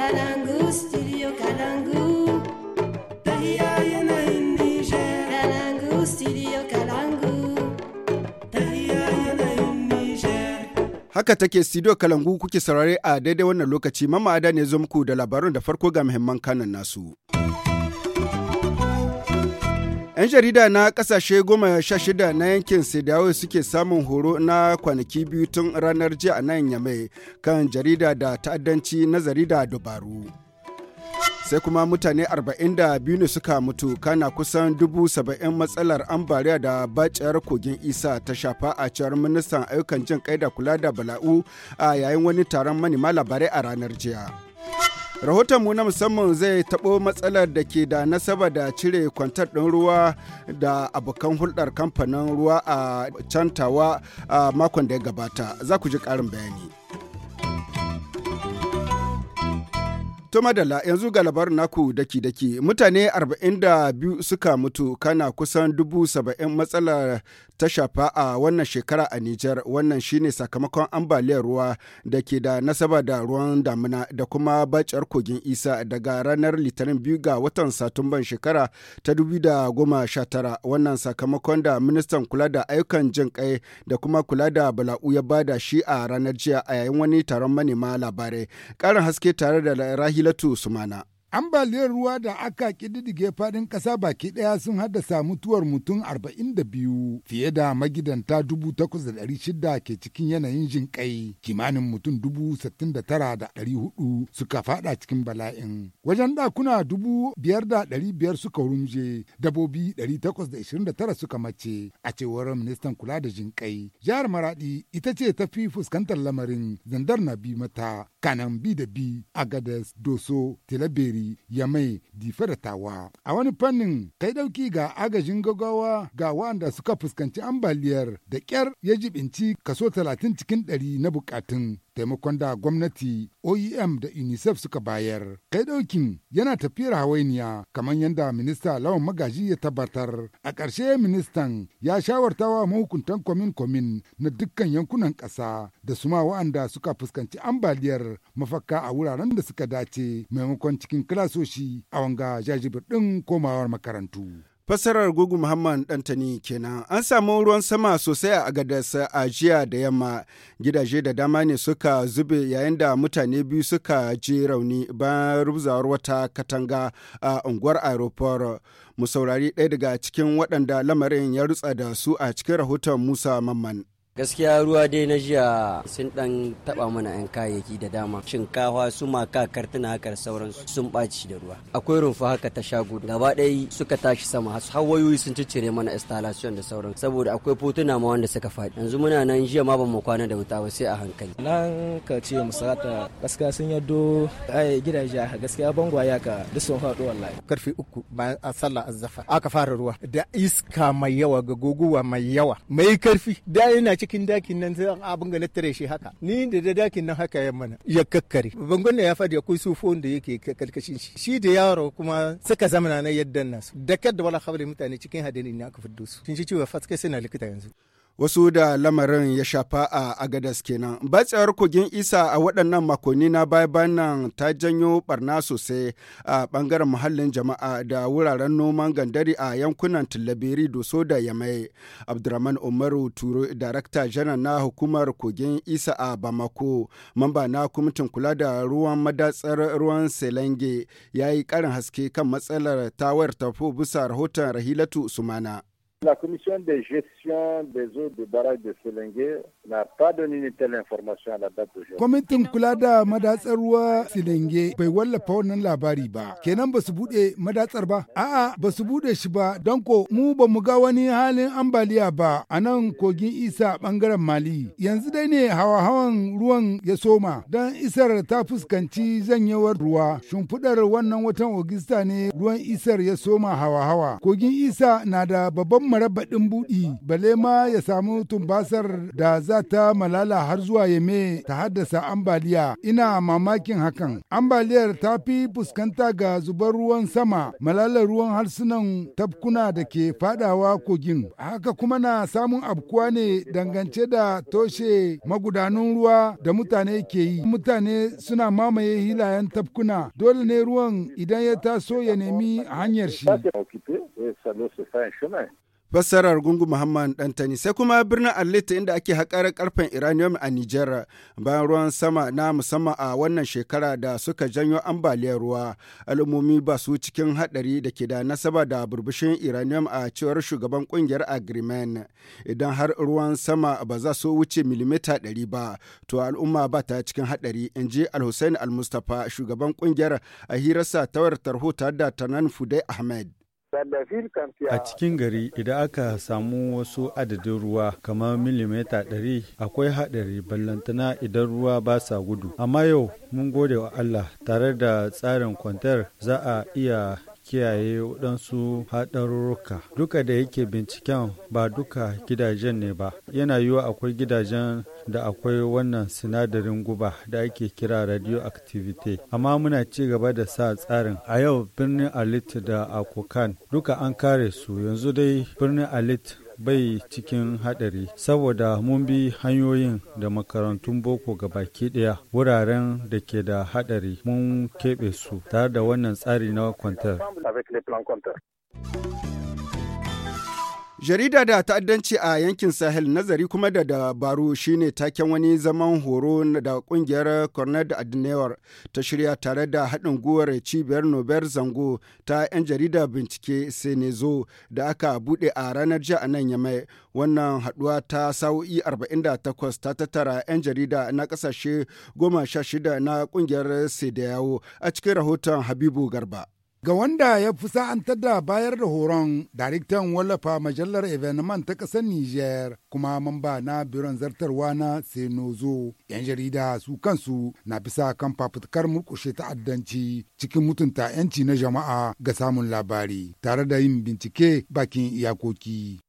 Kalangu, Haka take studio Kalangu kuke saurare a daidai wannan lokaci mamma ada ne zo muku da labarun da farko ga muhimman kanan nasu. 'Yan jarida na kasashe goma sha shida na yankin Sidawo suke samun horo na kwanaki biyu tun ranar jiya a nan Yamai kan jarida da ta'addanci na zarida dabaru. Sai kuma mutane 42 ne suka mutu kana kusan dubu saba'in matsalar ambaliya da baciyar kogin isa ta shafa a cewar ministan ayyukan jin kai da kula da bala'u a yayin wani taron manema labarai a ranar jiya. rahoton mu na musamman zai taɓo matsalar da ke da nasaba da cire kwantar ɗin ruwa da abokan hulɗar kamfanin ruwa a cantawa a makon da ya gabata za ku ji ƙarin bayani To madalla yanzu ga labarin naku daki-daki mutane 42 suka mutu kana kusan dubu saba'in matsalar ta shafa a wannan shekara a Nijar wannan shine sakamakon ambaliyar ruwa da ke da nasaba da ruwan damina da kuma bacar kogin isa daga ranar litinin biyu ga watan satumban shekara ta sha tara wannan sakamakon da ministan kula da ayyukan jin kai da kuma kula da bala'u ya bada shi a ranar jiya a yayin wani taron manema labarai ƙarin haske tare da rahilatu sumana. Ambaliyar ruwa da aka ƙididdige faɗin ƙasa baki ɗaya sun haddasa mutuwar mutum 42 fiye da magidanta 8,600 ke cikin yanayin jinƙai kimanin mutum 69,400 suka faɗa cikin bala'in. Wajen ɗakuna 5,500 suka rumje, dabobi 829 suka mace a cewar ministan kula da jinƙai. Jihar Maraɗi ita ce ta fi fuskantar lamarin zandar na bi mata kanan bi da bi Agades Doso Tilaberi ya ya mai da Tawa. A wani fannin kai ɗauki ga agajin gaggawa ga wanda suka fuskanci ambaliyar da ƙyar ya jibinci kaso talatin cikin ɗari na bukatun taimakon da gwamnati oem da unicef suka bayar kai ɗaukin yana tafiyar hawainiya kamar yadda minista lawan magaji ya tabbatar a ƙarshe ministan ya shawartawa mahukuntan kwamin kwamin na dukkan yankunan ƙasa da suma wa'anda suka fuskanci ambaliyar mafaka a wuraren da suka dace maimakon cikin kilasoshi a wanga jajibir ɗin komawar makarantu Fassarar Gugu Muhammad Dantani kenan an samu ruwan sama sosai a Agadas a jiya da yamma gidaje da dama ne suka zube yayin da mutane biyu suka ji rauni bayan rubzawar wata katanga a unguwar aeroport mu saurari ɗaya daga cikin waɗanda lamarin ya rutsa da su a cikin rahoton Musa Mamman. gaskiya ruwa dai na jiya sun dan taba mana yan kayayyaki da dama shinkafa su maka kartuna hakar sauransu sun baci da ruwa akwai rumfa haka ta shago gaba ɗaya suka tashi sama har wayoyi sun ciccire mana installation da sauran saboda akwai fotuna ma wanda suka faɗi yanzu muna nan jiya ma bamu kwana da wuta ba sai a hankali nan ka ce musata gaskiya sun yaddo ai gidaje gaskiya ya ka duk sun faɗo wallahi karfe uku bayan sallah azzafa aka fara ruwa da iska mai yawa ga goguwa mai yawa mai karfi da ina cikin dakin nan zan abin ga na tare shi haka ni da da dakin nan haka ya mana ya kakkare bangon da ya fadi akwai sufon da yake karkashin shi shi da yaro kuma suka zama na yaddan nasu da wala khabari mutane cikin hadini ne aka fiddo su sun ci cewa sai na likita yanzu wasu da lamarin ya shafa a agadas kenan batsayar kogin isa a waɗannan makonni na baya nan ta janyo barna sosai a ɓangaren muhallin jama'a da wuraren noman gandari a yankunan tillabiri doso da yamai abdurrahman umaru turo darakta janar na hukumar kogin isa a bamako mamba na kwamitin kula da ruwan madatsar ruwan selenge ya yi ƙarin haske kan matsalar tawar tafo bisa rahoton rahilatu sumana La commission de gestion des eaux de barrage de Selinguer Kwamitin kula da madatsar ruwa silenge bai wallafa wannan labari ba, kenan ba su buɗe madatsar ba? A'a ba su buɗe shi ba, don ko mu ba mu ga wani halin ambaliya ba a nan kogin isa ɓangaren Mali. Yanzu dai ne hawa-hawan ruwan ya soma, don isar ta fuskanci zanyewar ruwa. Shimfiɗar wannan watan Ogista ne ruwan isar ya soma hawa-hawa. Kogin isa na da babban marabaɗin buɗi, balema ya samu tumbasar da za ta malala har zuwa Yame ta haddasa ambaliya. Ina mamakin hakan. Ambaliyar ta fi fuskanta ga zubar ruwan sama, malalar ruwan harsunan tafkuna da ke fadawa kogin. Haka kuma na samun abkuwa ne dangance da toshe magudanun ruwa da mutane ke yi. Mutane suna mamaye hilayen tafkuna. Dole ne ruwan idan ya taso ya nemi hanyar shi. fassarar gungu muhammad dantani sai kuma birnin allita inda ake haƙar karfen iranium a nijar bayan ruwan sama na musamman a wannan shekara da suka janyo ambaliyar ruwa al'ummomi ba su cikin haɗari da ke da nasaba da burbushin iranium a cewar shugaban ƙungiyar agreement idan har ruwan sama ba za su wuce milimita ɗari ba to al'umma ba ta cikin haɗari in ji alhussein almustapha shugaban ƙungiyar a hirarsa tawar tarho ta da tanan fudai ahmed A cikin gari idan aka samu wasu adadin ruwa kamar milimeta ɗari akwai haɗari ballantana idan ruwa ba sa gudu. Amma yau mun gode wa Allah tare da tsarin kwantar za a iya kiyaye waɗansu haɗarurruka. Duka da yake binciken ba duka gidajen ne ba. Yana yiwuwa akwai gidajen da akwai wannan sinadarin guba da ake kira radioactivity. Amma muna ci gaba da sa tsarin. A yau birnin Alit da Akokan duka an kare su yanzu dai birnin Alit bai cikin haɗari saboda mun bi hanyoyin da makarantun boko ga baki ɗaya wuraren da ke da haɗari mun keɓe su tare da wannan tsari na kwantar. Jarida da ta'addanci a yankin Sahel nazari kuma da dabaru shine taken wani zaman horo da kungiyar Corned Adnewar ta shirya tare da haɗin guwar cibiyar Nobel Zango ta 'yan jarida bincike Senezo da aka buɗe a ranar jiya a nan Yamai. Wannan haɗuwa ta sa'o'i 48 ta tattara 'yan jarida na ƙasashe 16 na kungiyar Sedeyawo a cikin rahoton Habibu Garba. Ga wanda ya fi sa'antar da bayar da horon, daraktan wallafa mujallar Evenement ta ƙasar niger. kuma mamba na biron zartarwa na senozo yan jarida su kansu na bisa kan fafutukar murkushe ta'addanci cikin mutunta 'yanci na jama'a ga samun labari tare da yin bincike bakin iyakoki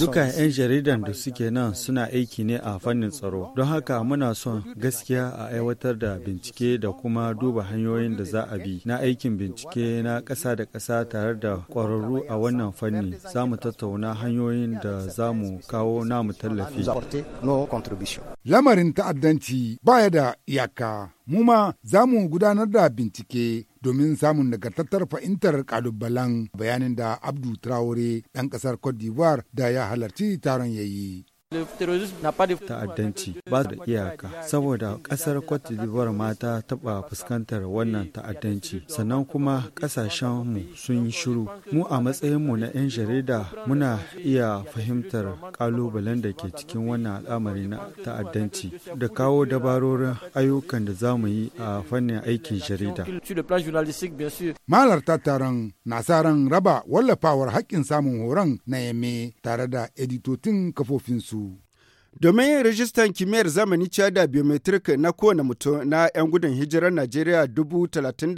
dukkan 'yan jaridan da suke nan suna aiki ne a fannin tsaro, don haka muna son gaskiya a aiwatar da bincike da kuma duba hanyoyin da za a bi na aikin bincike na ƙasa da ƙasa tare da ƙwararru a wannan fanni. Za mu tattauna hanyoyin da za mu kawo kawo namu tallafi. Lamarin ta'addanci baya da iyaka, mu ma za mu gudanar da bincike domin samun nagartattar fahimtar kalubalen bayanin da Abdu Traore ɗan ƙasar Cote d'Ivoire da ya halarci taron yayi. ta'addanci ba da iyaka saboda kasar cote d'ivoire ma taba fuskantar wannan ta'addanci sannan kuma kasashenmu sun yi shiru mu a matsayinmu na 'yan jarida muna iya fahimtar kalubalen da ke cikin wannan al'amari na ta'addanci da kawo dabarorin ayyukan da zamu yi a fannin aikin jarida malarta taron nasaran raba wallafawar haƙƙin samun horon na yame tare da editotin kafofinsu Domin yin rijistan kimiyyar zamani cada biometric na kowane mutum na 'yan gudun hijirar Najeriya 35,000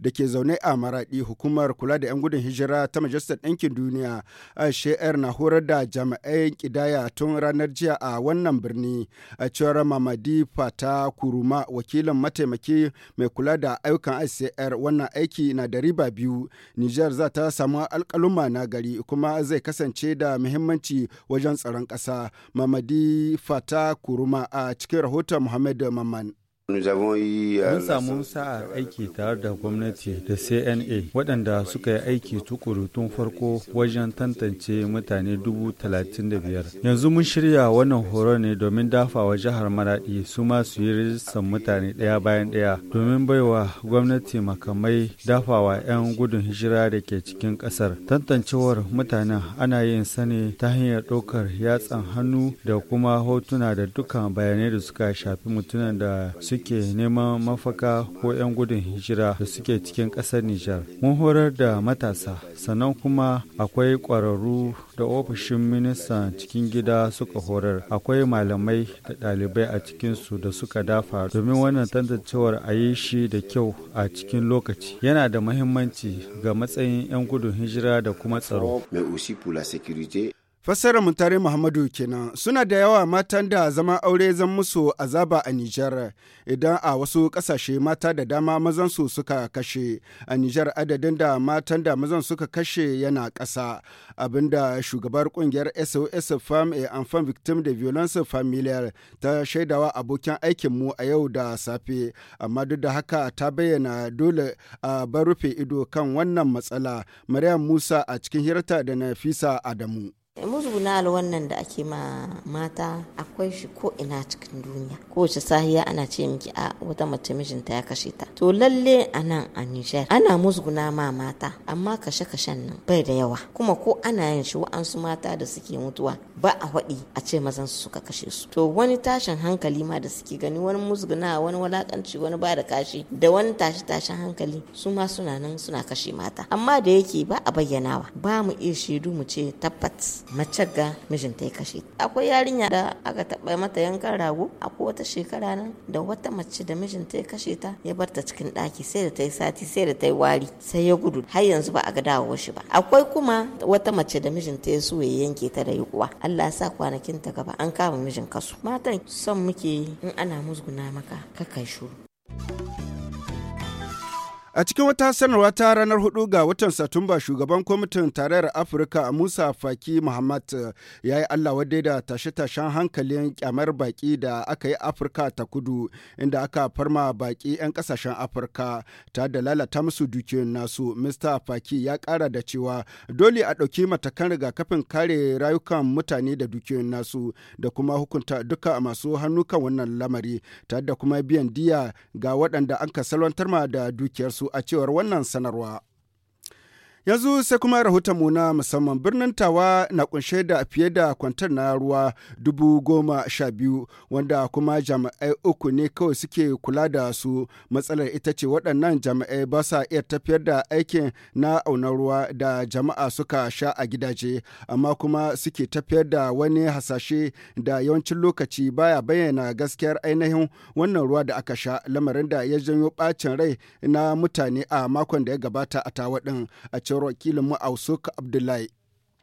da ke zaune a Maraɗi hukumar kula da 'yan gudun hijira ta Majalisar Ɗinkin Duniya a na horar da jami'ai ƙidaya tun ranar jiya a wannan birni a cewar Mamadi Fata Kuruma wakilin mataimaki mai kula da ayyukan ICR wannan aiki na da riba biyu. Nijar za ta samu alƙaluma na gari kuma zai kasance da muhimmanci wajen tsaron ƙasa. Mamadi Di Fata Kuruma a cikin rahoton Muhammad Maman. Euh, mun samu sa'ar aiki tare da gwamnati da CNA waɗanda suka yi aiki tukuru tun farko wajen tantance mutane dubu talatin da biyar. Yanzu mun shirya wannan horo ne domin dafawa jihar Maraɗi su ma su yi rijistan mutane ɗaya bayan ɗaya domin baiwa gwamnati makamai dafawa 'yan gudun hijira da ke cikin ƙasar. Tantancewar mutanen ana yin sani ta hanyar ɗaukar yatsan hannu da kuma hotuna da dukkan bayanai da suka shafi mutumin da su suke neman mafaka ko 'yan gudun hijira da suke cikin ƙasar Nijar. Mun horar da matasa, sannan kuma akwai ƙwararru da ofishin ministan cikin gida suka horar. Akwai malamai da ɗalibai a cikinsu da suka dafa domin wannan tantancewar a yi shi da kyau a cikin lokaci. Yana da mahimmanci ga matsayin 'yan gudun hijira da kuma tsaro. Fassarar Mutare Muhammadu kenan suna da yawa matan da zama aure zan musu azaba a Nijar idan a wasu ƙasashe mata da dama mazan su suka kashe a Nijar adadin da matan da mazan suka kashe yana ƙasa abinda shugabar kungiyar SOS Farm e Enfant Victim de Violence Familiar ta shaidawa abokin aikin mu a yau da safe amma duk da haka ta bayyana dole a bar rufe ido kan wannan matsala Maryam Musa a cikin hirarta da Nafisa Adamu. musgunal wannan da ake ma mata akwai shi ko ina cikin duniya kowace sahiya ana ce miki a wata mace mijinta ya kashe ta to lalle a nan a Nijar ana musguna ma mata amma kashe kashen nan bai da yawa kuma ko ana yin shi wa'ansu mata da suke mutuwa ba a haɗi a ce mazan su suka kashe su to wani tashin hankali ma da suke gani wani musguna wani walakanci wani ba da kashi da wani tashi tashin hankali su ma suna nan suna kashe mata amma da yake ba a bayyanawa ba mu iya shaidu mu ce tabbas. mace ga mijinta ya kashe akwai yarinya da aka taɓa mata yankan rago akwai wata shekara nan da wata mace da mijinta ya kashe ta ya barta cikin ɗaki sai da ta yi sati sai da ta yi wari sai ya gudu har yanzu ba a ga dawowa shi ba akwai kuma wata mace da mijinta ya so ya yanke ta da uwa. Allah sa kwanakin ta gaba an kama mijin kasu matan son muke in ana musguna maka kai shuru A cikin wata sanarwa ta ranar hudu ga watan Satumba shugaban kwamitin tarayyar Afirka Musa Faki Muhammad ya yi Allah wadai da tashe-tashen hankalin kyamar baki da aka yi Afirka ta kudu inda aka farma baki 'yan kasashen Afirka ta da lalata musu dukiyoyin nasu. Mr. Faki ya kara da cewa dole a ɗauki matakan rigakafin kare rayukan mutane da dukiyoyin nasu da kuma hukunta duka masu hannu kan wannan lamari ta da kuma biyan diya ga waɗanda an ka salwantar ma da dukiyarsu su a cewar wannan sanarwa. yanzu sai kuma rahoton mu na musamman birnin tawa na kunshe da fiye da kwantar na ruwa dubu goma sha biyu wanda kuma jami'ai uku ne kawai suke kula da su matsalar ita ce waɗannan jami'ai ba sa iya tafiyar da aikin na auna ruwa da jama'a suka sha a gidaje amma kuma suke tafiyar da wani hasashe da yawancin lokaci baya bayyana gaskiyar ainihin wannan ruwa da aka sha lamarin da ya janyo bacin rai na mutane a makon da ya gabata a tawa ɗin a Sauro wakilin mu Ausuka Abdullahi.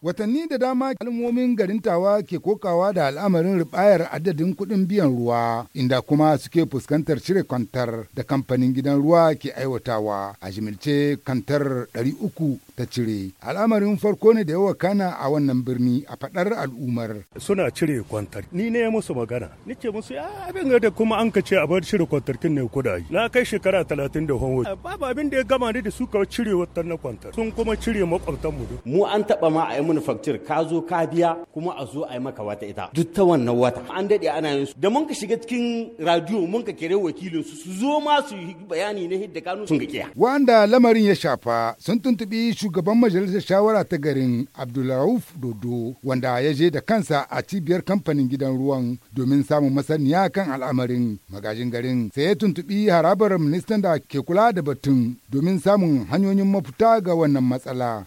Watanni da dama kalmomin garin Tawa ke kokawa da al'amarin ribayar adadin kuɗin biyan ruwa, inda kuma suke fuskantar cire kwantar da kamfanin gidan ruwa ke aiwatawa. A jimilce kantar 300 ta cire. Al'amarin farko ne da yawa kana a wannan birni a faɗar al'umar. Suna cire kwantar. Ni ne ya musu magana. Nike musu ya abin da kuma an ka ce a bar cire kwantar kin ne kuɗaɗe. Na kai shekara talatin da honwo. Babu abin da ya gama ne da suka cire wata na kwantar. Sun kuma cire makwabtan Mu mu an taba ma a manufacture ka zo ka biya kuma a zo a yi maka wata ita duk ta wannan wata an daɗe ana yin su da mun ka shiga cikin radio mun ka kere wakilin su su zo ma su yi bayani na hidda kanu sun ga wanda lamarin ya shafa sun tuntubi shugaban majalisar shawara ta garin Abdulrauf Dodo wanda ya je da kansa a cibiyar kamfanin gidan ruwan domin samun masaniya kan al'amarin magajin garin sai ya tuntubi harabar ministan da ke kula da batun domin samun hanyoyin mafita ga wannan matsala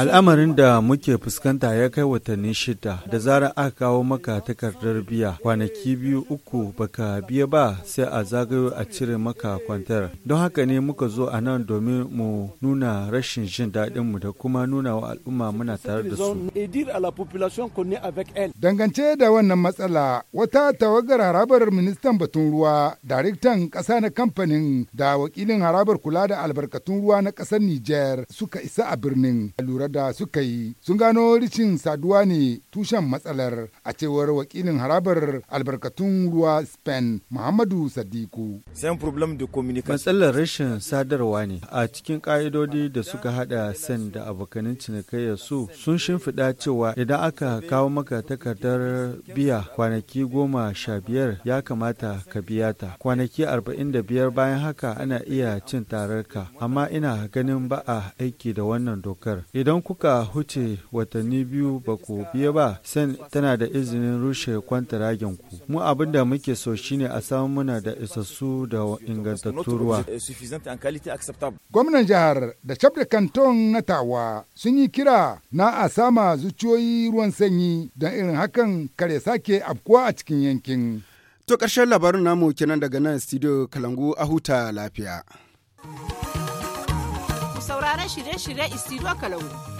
al'amarin da muke kake fuskanta ya kai watanni shida da zarar aka kawo maka takardar biya kwanaki biyu uku baka biya ba sai a zagayo a cire maka kwantar don haka ne muka zo a nan domin mu nuna rashin jin daɗin mu da kuma nuna wa al'umma muna tare da su dangance da wannan matsala wata tawagar harabar ministan batun ruwa daraktan ƙasa na kamfanin da wakilin harabar kula da albarkatun ruwa na ƙasar Nijar suka isa a birnin lura da suka yi sun gano rishin saduwa ne tushen matsalar a cewar wakilin harabar albarkatun ruwa Spain Muhammadu Sadiku. Matsalar rashin sadarwa ne a cikin ka'idodi da suka hada sen da abokanin cinikayya su sun shimfiɗa cewa idan aka kawo maka takardar biya kwanaki goma sha biyar ya kamata ka biya ta kwanaki arba'in da biyar bayan haka ana iya cin tararka amma ina ganin ba a aiki da wannan dokar idan kuka huce watanni biyu ba ku biye ba san tana da izinin rushe kwantaragen ku mu abin da muke so shine a samu muna da isassu da ingantattun ruwa gwamnan jihar da chapter kanton na tawa sun yi kira na a sama zuciyoyi ruwan sanyi don irin hakan kare sake afkuwa a cikin yankin to ƙarshen labarin namu kenan daga nan studio kalangu a huta lafiya sauraron shirye-shirye istiro kalangu